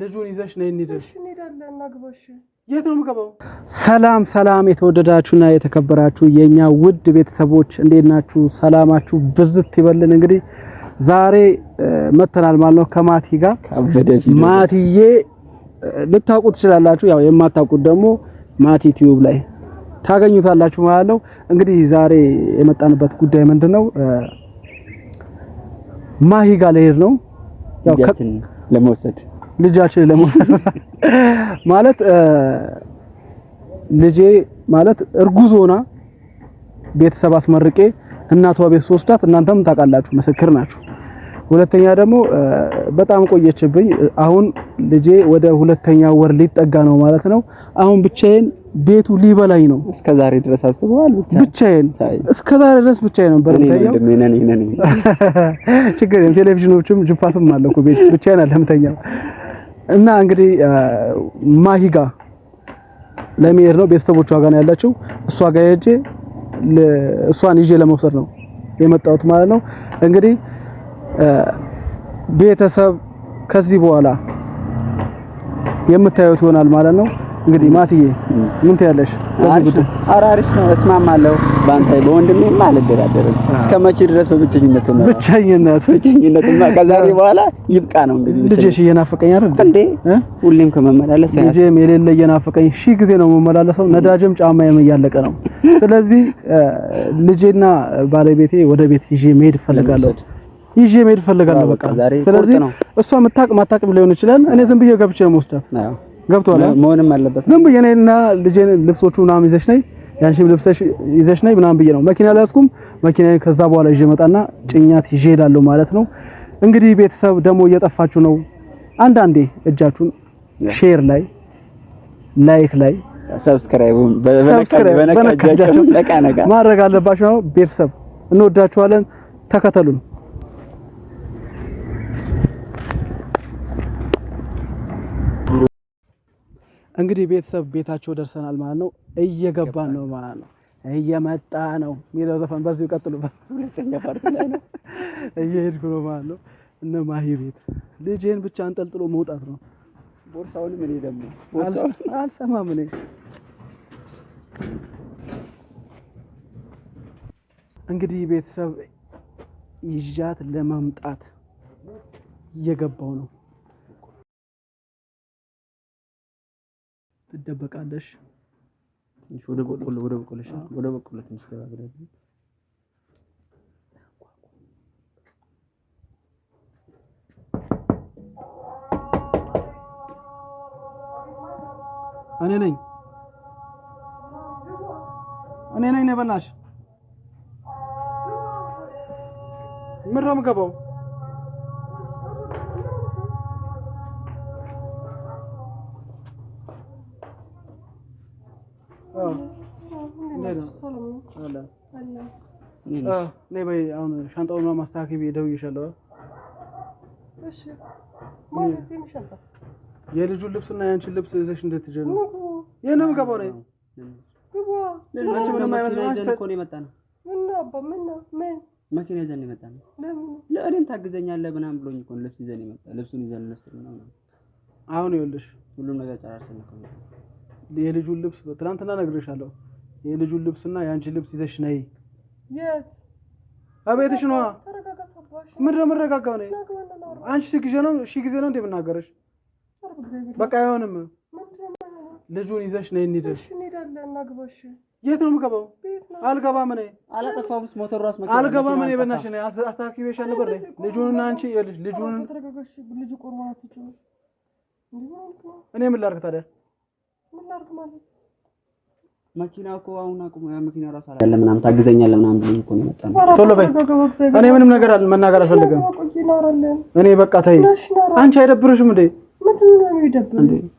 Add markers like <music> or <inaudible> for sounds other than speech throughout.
ልጁን ይዘሽ ነይ እንሂድ። የት ነው የምገባው? ሰላም ሰላም! የተወደዳችሁና የተከበራችሁ የኛ ውድ ቤተሰቦች እንዴት ናችሁ? ሰላማችሁ ብዝት ይበልን። እንግዲህ ዛሬ መተናል ማለት ነው ከማቲ ጋር ማቲዬ ልታውቁት ትችላላችሁ። ያው የማታውቁት ደግሞ ማቲ ቲዩብ ላይ ታገኙታላችሁ ማለት ነው። እንግዲህ ዛሬ የመጣንበት ጉዳይ ምንድን ነው? ማሂ ጋር ልሄድ ነው ያው ለመውሰድ ልጃችን ለመውሰድ <laughs> ማለት ልጄ ማለት እርጉዝ ሆና ቤተሰብ አስመርቄ እናቷ ቤት ስወስዳት እናንተም ታውቃላችሁ፣ ምስክር ናችሁ። ሁለተኛ ደግሞ በጣም ቆየችብኝ። አሁን ልጄ ወደ ሁለተኛ ወር ሊጠጋ ነው ማለት ነው። አሁን ብቻዬን ቤቱ ሊበላኝ ነው። እስከ ዛሬ ድረስ አስበዋል። ብቻዬን እስከ ዛሬ ድረስ ብቻዬን ነበር። <laughs> ችግር የለም ቴሌቪዥኖችም ጅፓስም አለ እኮ ቤት ብቻዬን አለምተኛው እና እንግዲህ ማሂጋ ለመሄድ ነው። ቤተሰቦቿ ጋር ነው ያለችው። እሷ ጋር ሄጄ እሷን ይዤ ለመውሰድ ነው የመጣሁት ማለት ነው። እንግዲህ ቤተሰብ ከዚህ በኋላ የምታዩት ይሆናል ማለት ነው። እንግዲህ ማትዬ ምን ትያለሽ በዚህ ጉዳይ? ኧረ ነው፣ እስማማለሁ በአንተ በወንድሜ አልደራደርም። እስከ መቼ ድረስ በብቸኝነት ነው? ብቸኝነት ብቸኝነት ከዛሬ በኋላ ይብቃ ነው እንግዲህ። ልጄሽ እየናፈቀኝ አይደል እንዴ? ሁሌም ከመመላለስ ልጄም የሌለ እየናፈቀኝ ሺህ ጊዜ ነው የምመላለሰው። ነዳጅም ጫማዬም እያለቀ ነው። ስለዚህ ልጄና ባለቤቴ ወደ ቤት ይዤ መሄድ እፈልጋለሁ ይዤ መሄድ እፈልጋለሁ። በቃ ስለዚህ እሷ የምታውቅ ማታውቅም ሊሆን ይችላል። እኔ ዝም ብዬ ገብቼ ነው የምወስዳት ገብቷል መሆንም አለበት። ዝም ብዬ ነኝና ልጄን ልብሶቹ ምናምን ይዘሽ ነይ ያንቺም ልብሰሽ ይዘሽ ነይ ምናምን ብዬ ነው መኪና ላይ ያዝኩም። መኪና ከዛ በኋላ ይዤ እመጣና ጭኛት ይዤ እሄዳለሁ ማለት ነው። እንግዲህ ቤተሰብ ደግሞ እየጠፋችሁ ነው። አንዳንዴ እጃችሁን ሼር ላይ ላይክ ላይ ሰብስክራይቡን በነካ እጃችሁን ማድረግ አለባችሁ። ቤተሰብ እንወዳችኋለን። ተከተሉን። እንግዲህ ቤተሰብ ቤታቸው ደርሰናል ማለት ነው። እየገባ ነው ማለት ነው። እየመጣ ነው የሚለው ዘፈን በዚሁ ቀጥሉበት። <laughs> እየሄድኩ ነው ማለት ነው። እነ ማሂ ቤት ልጄን ብቻ አንጠልጥሎ መውጣት ነው። ቦርሳውን ምን ደግሞ አልሰማም እኔ እንግዲህ ቤተሰብ ይዣት ለመምጣት እየገባው ነው ትደበቃለሽ። ወደ በቆሎ ወደ በቆሎ ወደ በቆሎ ትንሽ ገባ ገባ እኔ ነኝ እኔ ነኝ ነኝ በናትሽ ምነው ነው አለ ነይ በይ። አሁን ሻንጣውን ማስተካከል ደውዬሻለሁ። እሺ ማለት ሻንጣ የልጁን ልብስና የአንቺን ልብስ ይዘሽ እንድትጀኑ ይሄን ነው የምገባው ነው ግባ። ነው አንቺ ኮኔ ነው ነው ነው መኪና ይዘን የመጣ ነው። ለእኔም ታግዘኛለህ ምናምን ብሎኝ እኮ ልብስ ይዘን የመጣ ልብሱን ይዘን ልብስ አሁን ይኸውልሽ ሁሉም ነገር ጨራርሰን የልጁን ልብስ ትናንትና ነግሬሻለሁ የልጁን ልብስና የአንቺን ልብስ ይዘሽ ነይ። የት? አቤትሽ ነዋ። ምንድን ነው የምንረጋጋው? ነይ። አንቺ ሺህ ነው ሺህ ጊዜ ነው እንዴ እንደምናገርሽ። በቃ አይሆንም። ልጁን ይዘሽ ነይ እንሂድ። የት ነው የምገባው? አልገባም። እኔ አላጠፋሁም። ሞተሩ አስመጣ። አልገባም። እኔ በእናትሽ ነይ። አስተካክይሻለሁ ነበር። ነይ። ልጁንና አንቺ ይኸውልሽ፣ ልጁን እኔ ምን ላድርግ ታዲያ? ምን ላድርግ ማለት መኪና እኮ አሁን ያ መኪና ራሱ አላለ ምናምን ታግዘኛለህ ምናምን ብሎ እኮ ነው የመጣው። ቶሎ በይ። እኔ ምንም ነገር መናገር አልፈልግም። እኔ በቃ ተይ። አንቺ አይደብርሽም እንዴ?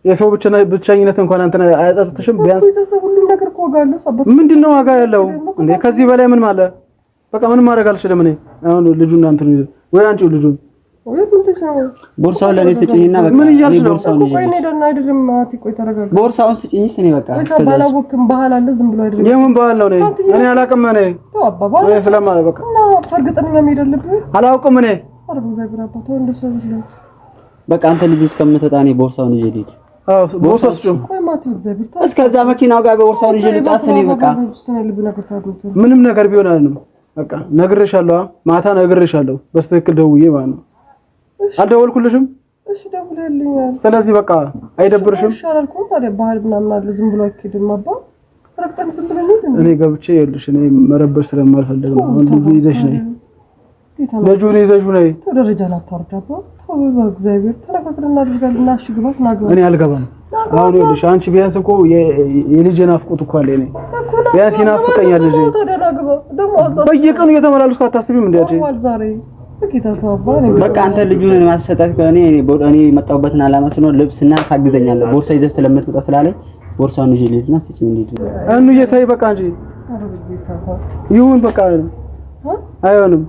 የሰው ብቻኝነት እንኳን አንተን አያጸጽትሽም? ቢያንስ ምንድን ነው ዋጋ ያለው እንዴ? ከዚህ በላይ ምን ማለ? በቃ ምንም ማድረግ አልችልም እኔ አሁን ወይ ልጁን ቦርሳውን ለእኔ ስጭኝና በቃ ቦርሳውን አይደለም ቆይ ተረጋጋ። ቦርሳውን ስጭኝ እኔ በቃ ባላወቅም ባህል አለ ዝም ብሎ አይደለም። የምን ባህል ነው? እኔ አላውቅም። እኔ በቃ እርግጠኛ መሄድ አለብህ። አላውቅም እኔ በቃ አንተ ልጁ እስከምትወጣ እኔ ቦርሳውን ይዤ ልሂድ። እስከዛ መኪናው ጋር ቦርሳውን ይዤ ልውጣ። እኔ በቃ ምንም ነገር ቢሆን አይደለም። በቃ ነግሬሻለሁ፣ ማታ ነግሬሻለሁ በስትክክል ደውዬ ማለት ነው አልደወልኩልሽም? እሺ ደውለልኛል። ስለዚህ በቃ አይደብርሽም? ይሻላል ታዲያ ባህል ምናምን አለ። ዝም ብሎ አይኬድም አባ ረግጠን ዝም ብለን እኔ ገብቼ ይኸውልሽ፣ እኔ መረበሽ ስለማልፈልግ ነው። አሁን ልጁን ይዘሽ ነይ፣ ልጁን ይዘሽ ነይ። ደረጃ ላታወርድ አባ ተው፣ በእግዚአብሔር ተነጋግረን እናደርጋለን። እሺ ግባስ ናግባ። እኔ አልገባም አሁን ይኸውልሽ፣ አንቺ ቢያንስ እኮ የልጄ ናፍቆት እኮ አለ። እኔ ቢያንስ ይናፍቀኛል ልጄ። በየቀኑ እየተመላለስኩ አታስቢም እንዴ? ዛሬ በቃ አንተ ልጁን ማሰጣት ከእኔ እኔ የመጣሁበትን አላማ ስለሆነ ልብስና ታግዘኛለህ። ቦርሳ ይዘህ ስለምትመጣ ስላለኝ ቦርሳውን ይዤ ልሂድና ስጭኝ። እንሂድ የታይ በቃ እንጂ ይሁን በቃ አይሆንም።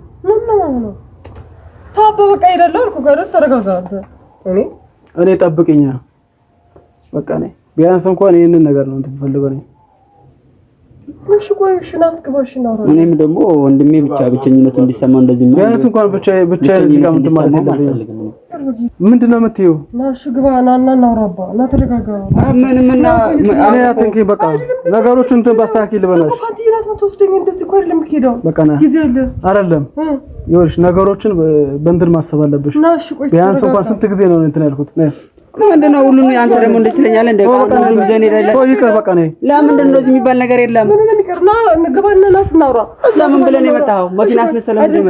ታባ በቃ አልኩ ጋር ተረጋጋ እኔ እኔ ጠብቀኛ በቃ ነኝ። ቢያንስ እንኳን ይህንን ነገር ነው እንትን የምፈልገው እኔ እኔም ደግሞ ወንድሜ ብቻ ብቸኝነቱ እንዲሰማው እንደዚህ ቢያንስ እንኳን ብቻ ብቻ እዚህ ጋር ምንድን ማለት ነው? ምንድን ነው የምትይው? በቃ ነገሮችን እንትን ባስተካክል ልበናሽ። አይደለም ይኸውልሽ ነገሮችን በእንትን ማሰብ አለብሽ። ቢያንስ እንኳን ስንት ጊዜ ነው እንትን ያልኩት ለምንድን ነው ሁሉም አንተ ደግሞ እንደዚህ ትለኛለህ? እንደ ሁሉም ዘን ይደለ ለምንድን ነው እዚህ የሚባል ነገር የለም። ምንም ይቅርና እንግባና ናስ ለምን ብለህ የመጣኸው? መኪና አስነስተህ አይሆንም፣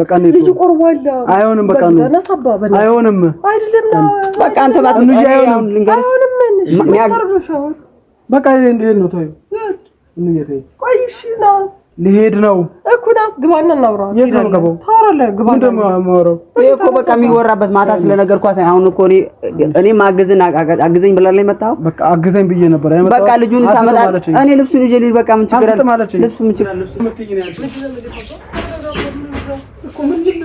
በቃ አይሆንም። በቃ አንተ ልሄድ ነው እኮ ዳንስ ግባና እናውራ። የት ነው የምገባው? ታወራለህ። ግባና ደግሞ የማወራው ይሄ እኮ በቃ የሚወራበት ማታ ስለነገርኳት አሁን እኮ እኔ እኔ ማገዝን አግዘኝ ብላለኝ መጣው በቃ አግዘኝ ብዬ ነበር አይመጣው። በቃ ልጁን ሳመጣ እኔ ልብሱን ይዤ ልሂድ። በቃ ምን ችግር አለ? ልብሱ ምን ችግር አለ? ልብሱ ምን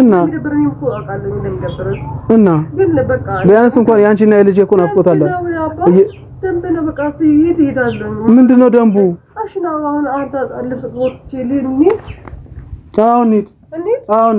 እና እና ቢያንስ እንኳን ያንቺና የልጄ እኮ ናፍቆታል። ደንብ ነው በቃ ሲሄድ ይሄዳለሁ። ምንድነው ደንቡ? ነው አሁን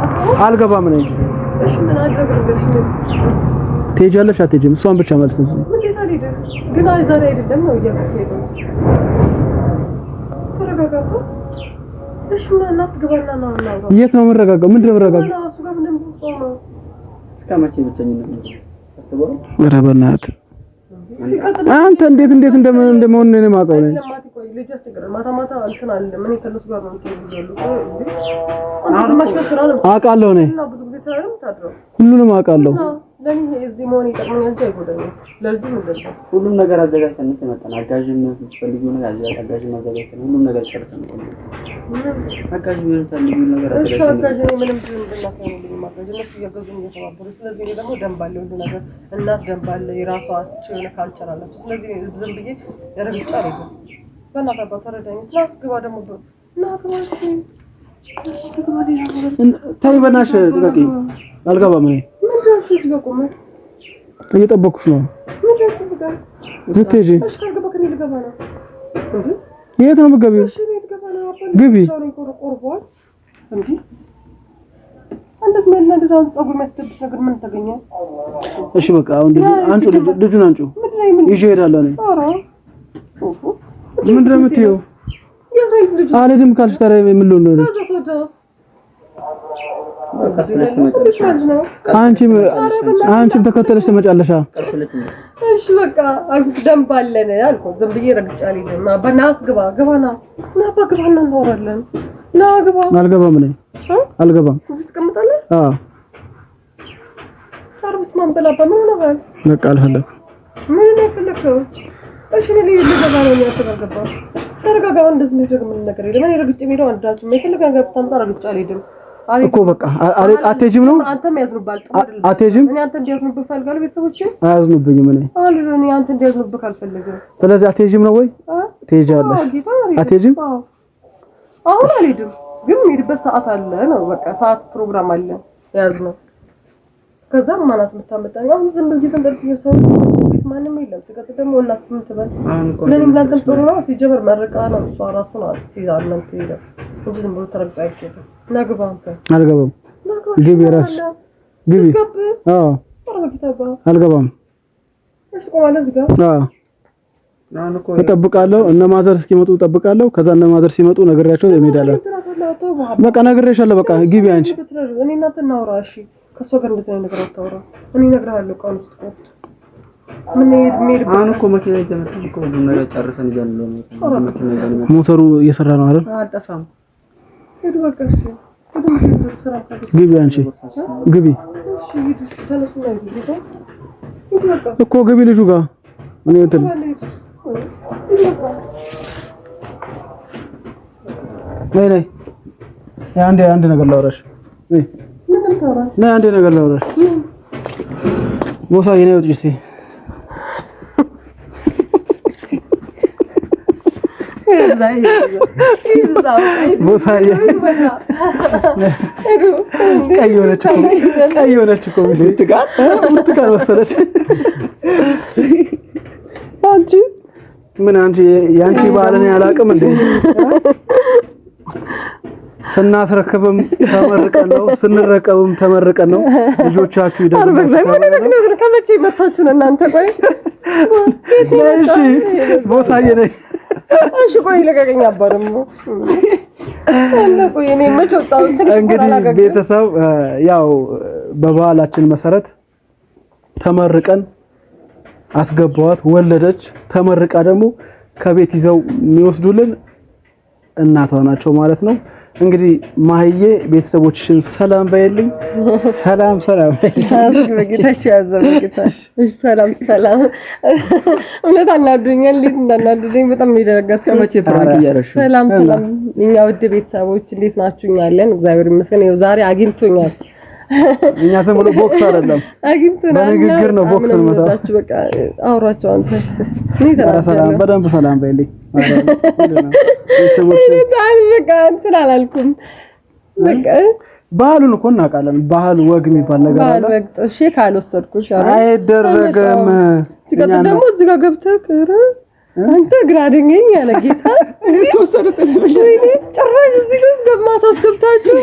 አልገባም ነኝ። እሺ ምን ትሄጃለሽ አትሄጂም? እሷን ብቻ ማለት ነው። ግን ነው የት ነው የምንረጋጋው? ምንድን ነው የምንረጋጋው? ኧረ በእናትህ አንተ እንዴት እንዴት እንደምን እንደምን ነው የማውቀው ነኝ ልጁ ያስቸግራል። ማታ ማታ እንትን አለ ምን ከነሱ ጋር ነው አውቃለሁ እኔ ብዙ ጊዜ ስራ ነው የምታድረው። ሁሉንም አውቃለሁ። ለምን እዚህ መሆን ይጠቅመኛል እንጂ አይጎዳኝም። ለልጁም እንደዛ ሁሉም ነገር አዘጋጅተን ነው አጋዥም የምትፈልጊው ነገር አጋዥም አዘጋጅተን፣ ሁሉም ነገር ጨርሰን ነው አጋዥ የምትፈልጊው ነገር እሺ አጋዥ ነው ምንም ድን እንደናፈኝ ልኝ እነሱ እየገዙኝ እየተባበሩ። ስለዚህ እኔ ደግሞ ደንብ አለ ሁሉ ነገር እናት ደንብ አለ የራሷቸው የሆነ ካልቸር አላቸው። ስለዚህ ዝም ብዬ ረግጫ ነው በናቀባ ተረዳኝ። ስላስገባ ደግሞ ናግባ ታይ በናሽ ልቀቂ። አልገባም። እኔ እየጠበኩሽ ነው። የት ነው የምትገቢው? ግቢ እሺ በቃ አሁን ልጁን አንቺ ይዤ እሄዳለሁ እኔ ምንድን ነው የምትይው? አልሄድም ካልሽ ታዲያ ምን ልሆን ነው? አንቺም ተከተለሽ ትመጫለሽ። እሺ በቃ ደንብ አለን አልኩት። ዝም ብዬ ረግጫ አልሄድም። በእናትህ ግባ ግባና ና አባ እናወራለን። ና ግባ። አልገባም ነኝ አልገባም። እዚህ ትቀምጣለህ? አዎ ኧረ በስመ አብ በላ በምን ሆነሃል? በቃ አልፈለኩም። ምን ነው የፈለከው? እሺ እኔ ልገባ ነው ያልኩት ተረጋጋ። እንደዚህ የሚያደርግ ምን ነገር የለም። እኔ ረግጬ የምሄደው አንዳችም የፈለገ ነገር ብታመጣ ረግጬ አልሄድም እኮ በቃ አትሄጂም ነው አንተም ያዝኑብሃል። አትሄጂም። እኔ አንተ እንዲያዝኑብህ እፈልጋለሁ። ቤተሰቦቼ አያዝኑብኝም። እኔ እኔ አንተ እንዲያዝኑብህ አልፈልግም። ስለዚህ አትሄጂም ነው ወይ ትሄጃለሽ? አትሄጂም። አሁን አልሄድም፣ ግን የምሄድበት ሰዓት አለ ነው በቃ ሰዓት ፕሮግራም አለ የያዝነው። ከዛ ማናት የምታመጣኝ አሁን ዝም ብዬሽ ማንም የለም። ሲቀጥል ደግሞ እናት ምን ትበል? ምንም ላንተም ጥሩ ነው። ሲጀመር መርቃ ነው እሷ ራሱ ናት ትይዛል ነው እንጂ ዝም ብሎ ተረግጦ አይኬድም። ነግባ አንተ አልገባም። ግቢ ራስ ግቢ አዎ አልገባም። እሺ ቆማለ ዝጋ አዎ እጠብቃለሁ እነ ማዘር እስኪመጡ እጠብቃለሁ። ከዛ እነ ማዘር ሲመጡ ነግሬያቸው እንሄዳለን። በቃ ነግሬሻለሁ። በቃ ግቢ አንቺ እኔ እናንተ እናውራ። እሺ ከእሷ ጋር እንደዚህ ነገር አታውራ። እኔ እነግርሃለሁ። አሁን እኮ መኪና ይዘህ መጣሁ እኮ ጨርሰን ይዘን ሞተሩ እየሰራ ነው አይደል? ግቢ አንቺ ግቢ እኮ ግቢ ልጁ ጋር እኔ እንትን ነይ ነይ አንዴ አንድ ነገር ላውራሽ ነይ አንዴ ነገር ላውራሽ ቀይ ሆነች ብርቱካን መሰለች። አንቺ ምን አንቺ የአንቺ ያላቅም እንዴ? ስናስረክብም ተመርቀን ነው፣ ስንረቀብም ተመርቀን ነው። ልጆቻችሁ ይደግ ከመቼ መታችሁ ነው እናንተ? ቆይ ነኝ እሺ ቆይ ልቀቀኝ። አባርም እንግዲህ ቤተሰብ ያው በባህላችን መሰረት ተመርቀን አስገባዋት ወለደች። ተመርቃ ደግሞ ከቤት ይዘው የሚወስዱልን እናቷ ናቸው ማለት ነው። እንግዲህ ማህዬ ቤተሰቦችሽን ሰላም ባይልኝ፣ ሰላም ሰላም በጌታሽ ያዘው በጌታሽ። ሰላም ሰላም። እውነት አናዱኛል። እንዴት እንዳናዱኝ በጣም ይደረጋስ። ከመቼ ፍራንክ እያደረግሽ። ሰላም ሰላም። እኛ ውድ ቤተሰቦች እንዴት ናችሁ? እኛ አለን፣ እግዚአብሔር ይመስገን። ይኸው ዛሬ አግኝቶኛል። እኛ ዝም ብሎ ቦክስ አይደለም፣ በንግግር ነው ቦክስ ነው። በቃ አውራቸው አንተ ሰላም፣ በደንብ ሰላም በይልኝ። በቃ እንትን አላልኩም። በቃ ባህሉን እኮ እናውቃለን። ባህል ወግ የሚባል ነገር አለ። ባህል ወግ ጥሼ ካልወሰድኩሽ አይደረግም። ሲቀጥል ደግሞ እዚህ ጋር ገብተህ አንተ ግራ አደንገኝ ያለ ጌታ ጭራሽ እዚህ ድረስ ደማ ሳስገብታችሁ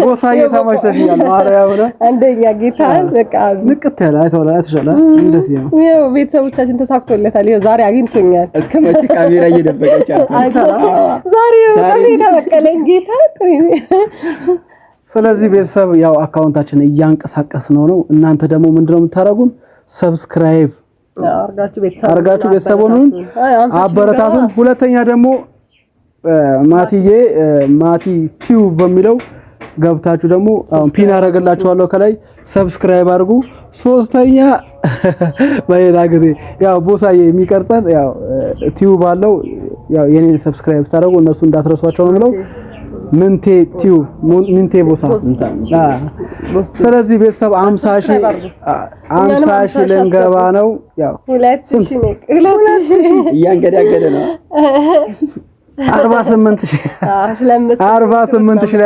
ቦሳ እየተማሽተሽኛል። ማርያም ነው አንደኛ ጌታ በቃ ንቅት ያለ አይተውላ ተሻለ እንደዚህ ነው። ይኸው ቤተሰቦቻችን ተሳክቶለታል። ይኸው ዛሬ አግኝቶኛል። እስከ መቼ ካሜራ እየደበቀች ዛሬ ካሜራ በቀለኝ ጌታ ስለዚህ ቤተሰብ ያው አካውንታችን እያንቀሳቀስ ነው ነው እናንተ ደግሞ ምንድነው የምታደርጉን ሰብስክራይብ አርጋችሁ ቤተሰቡን አበረታቱን። ሁለተኛ ደግሞ ማቲዬ ማቲ ቲዩ በሚለው ገብታችሁ ደግሞ አሁን ፒን አደርግላችኋለሁ ከላይ ሰብስክራይብ አድርጉ። ሶስተኛ <laughs> በሌላ ጊዜ ያው ቦሳዬ የሚቀርጸን ያው ቲዩ ባለው ያው የኔን ሰብስክራይብ ታደርጉ እነሱ እንዳትረሷቸው ነው የምለው። ምንቴ ቲዩ ምንቴ ቦሳ። ስለዚህ ቤተሰብ 50 ሺህ 50 ልንገባ ነው። እያንገዳገደ ነው። 48 <laughs> ላይ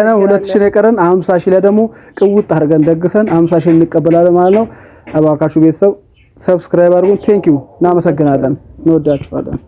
ነው። ሁለት ሺህ ነው የቀረን። 50 ላይ ደግሞ ቅውጥ አድርገን ደግሰን 50 እንቀበላለን ማለት ነው። እባካችሁ ቤተሰብ ሰብስክራይብ አድርጉን። እናመሰግናለን። እንወዳችኋለን።